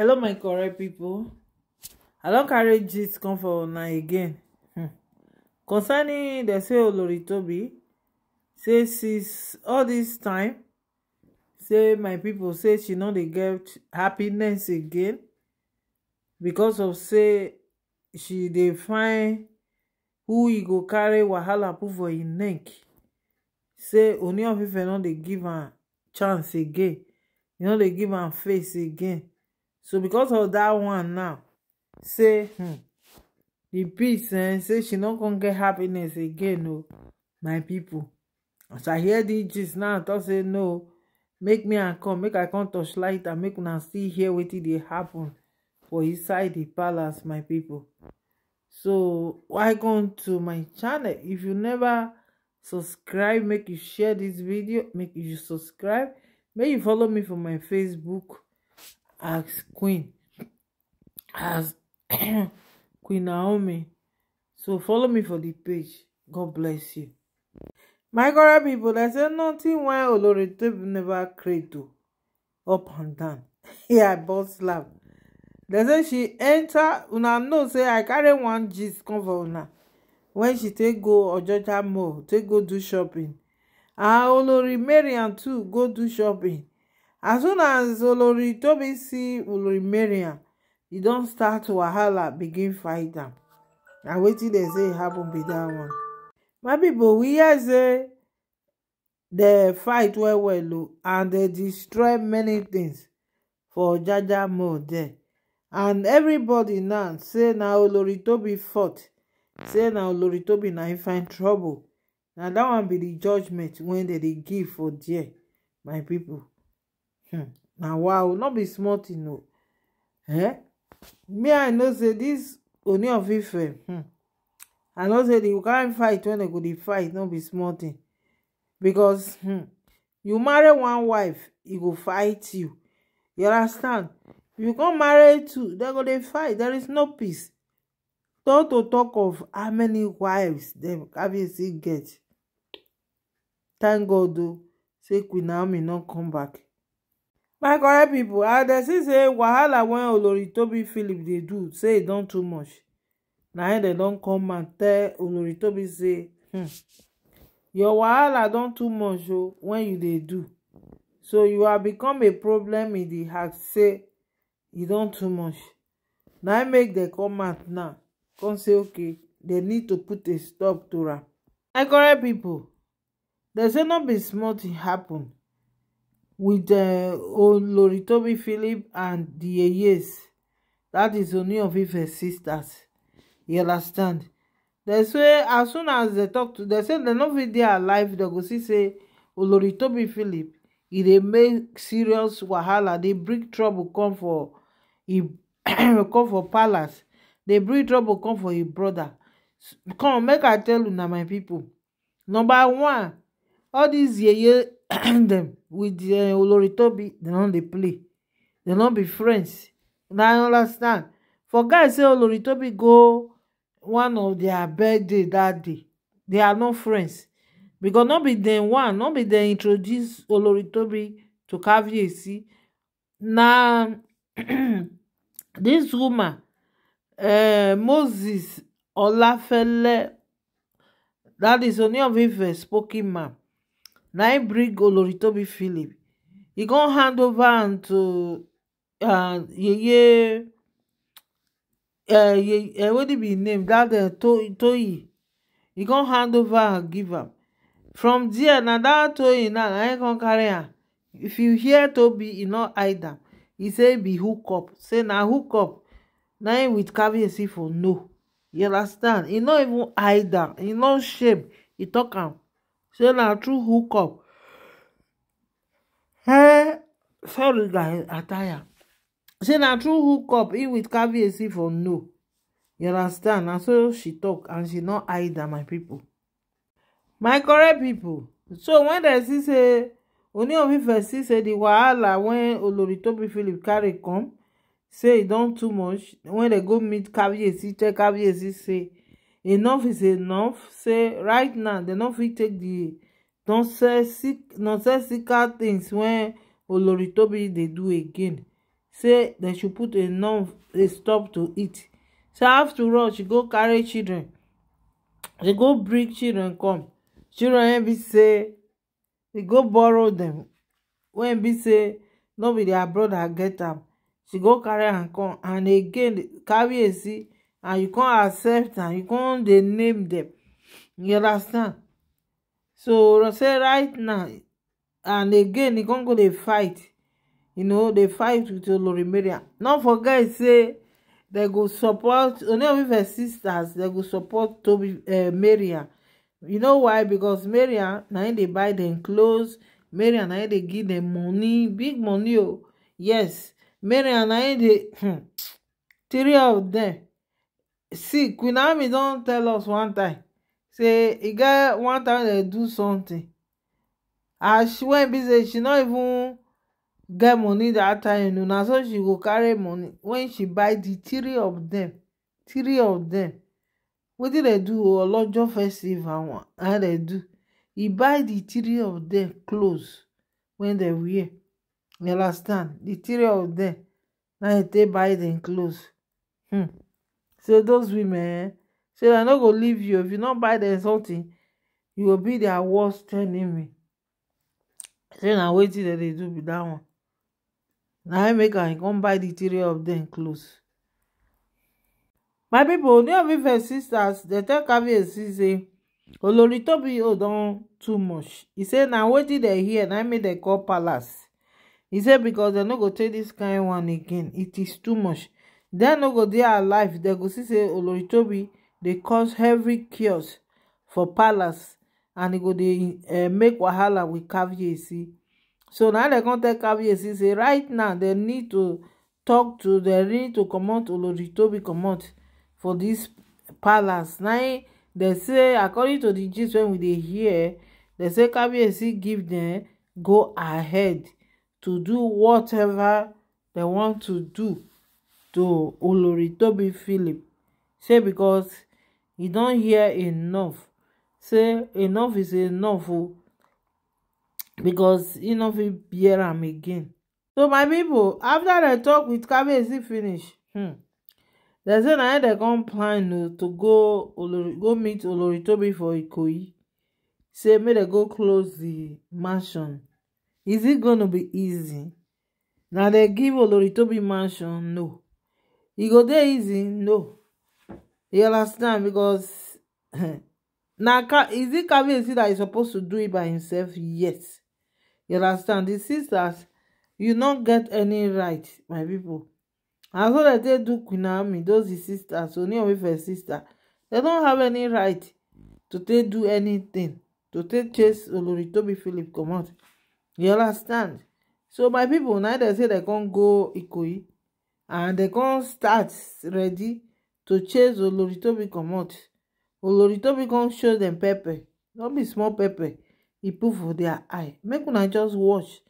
hello my correct people. i don carry gist come for una again hmm. concerning the say olori tobi say since all this time say my people say she know they get happiness again because of say she they find who e go carry wahala put for im e neck say only of ife know they give am chance again you e know they give am face again so because of that one now say hmm di peace eh, say she not gonna get happiness again o oh, my people. as i hear the gist now i tok say no make me and come make i come touch light and make una still hear wetin dey happen for inside di palace my people. so welcome to my channel if you never subscribe make you share this video make you subscribe make you follow me for my facebook as queen as queen naomi so follow me for the page god bless you my God. people i say nothing wey oloritobi never create o up and down here i burst slap say she enter una know say i carry one gist come for una When she take go or ojoja more. take go do shopping Ah, olori mariam too go do shopping as soon as olori tobi see olori Maria, e don start wahala begin fight am na wetin dem say happen be dat one my pipo we hear say dem fight well well o and dem destroy many things for jaja mall there and everybody now say na olori tobi fault say na olori tobi na im find trouble na dat one be di judgement wey dem dey give for there my pipo Hmm. na wow no be small thing, o eh me i know say this oni of ife hmm i know say di kind fight when they go dey fight no be small thing, because hmm you marry one wife he go fight you you understand you come marry two they go dey fight there is no peace Don't to talk of how many wives dem kabiyesi get thank god though, say queen naomi not come back my correct people, i dey see say wahala wey oloritobi philip dey do say e don too much na im dem don come and tell oloritobi say hmm your wahala don too much oh, when you dey do so you have become a problem in di heart say e don too much na im make dem come out now come say okay dem need to put a stop to am. my correct people, dem say no be small tin happen with uh, eh, Oloritobi Philip and the Eyes. That is only of Ife sisters. You understand? They say as soon as they talk to they say they not with their life. they go see say Oloritobi Philip e dey make serious wahala, They bring trouble come for he come for palace, They bring trouble come for his e brother. Come make I tell you, una my people. Number one, all these yeye dem with eh, olori tobi dem no dey play dem no be friends na i understand for guy say eh, olori tobi go one of their birthday that day they are no friends because no be dem one no be dem introduce olori tobi to caviarcy na this woman eh, moses olafele that is only of ife spoken man Now he bring oloritobi philip He gonna hand over am to uh, yeye uh, uh, wey be im name dat toyi He gonna hand over and give him. from there na dat toyi now I ain't gonna carry him. if you hear tobi e no either, he say be hook up say now hook up Now im with caviarcy for no you understand He not even either. He e no shame He talk him say na true hook up. hey sorry guys attire say na true hook up. He with caviarcy for no you understand And so she talk and she not hide am my people, my correct people. so when they see say only of ife see say the wahala when oloritobi philip carry come say e don too much when they go meet caviarcy tell caviarcy say enough is enough say right now dem no fit take di nonsensical things wey olori tobi dey do again say they should put enough a stop to it say after all she go carry children They go bring children come children be say they go borrow them. When be say nobody be their brother get them. she go carry am come and again carry see and you can't accept and you can't dey name dem you understand so say right now and again you can't go They fight you know They fight with Lori olorimiri no forget say they go support only with her sisters they go support tobi eh, maria you know why Because maria now they buy dem clothes maria now they give them money big money o oh. yes maria na im dey hmm, three of them see queen naomi don tell us one time say e get one time dem do something as she wen be say she no even get money dat time na so she go carry money wen she buy di three of dem three of dem wetin dem do oh, olojo festival one na dem do e buy di three of dem clothes wey dem wear you understand di three of dem na e take buy dem clothes hmm say those women eh, say dem no go leave you if you no buy them something you will be their worst enemy say na wetin dem they do be that one Now I make I come buy the three of them clothes my people, new of ife sisters dem tell kabiyesi say olori tobi don too much e say na wetin they here. na I made they call palace e say becos dem no go take this kind one again it is too much dem no go dey alive dem go see say olori tobi dey cause heavy chaos for palace and e go dey eh, make wahala with caviarcy so now dem come tell caviarcy say right now dem need to talk to dem need to comot olori tobi comot for dis palace Now dem say according to di gist wey we dey hear dem say caviarcy give dem go ahead to do whatever dem want to do to oloritobi philip say because he don't hear enough say enough is enough oh. Because e no fit bear am again so my people, after pipo talk with tok is it finished? hmm There's an idea dem come plan oh, to go go meet oloritobi for ikoyi say make dem go close the mansion is it gonna be easy Now they give oloritobi mansion no e go dey easy no you understand because na is it see that is supposed to do it by himself yes you understand the sisters you no get any right my people. As so dem take do queen naomi those the sisters only of Ife sister They don't have any right to take do anything to take chase Olori Tobi Philip comot you understand so my people now they say they can't go Ikoyi and dem con start ready to chase oloritobi comot oloritobi con show them pepper no be small pepper He put for their eye make una just watch